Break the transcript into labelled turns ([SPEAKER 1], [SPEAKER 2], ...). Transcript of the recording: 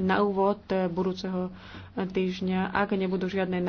[SPEAKER 1] na úvod budúceho týždňa, ak nebudú žiadne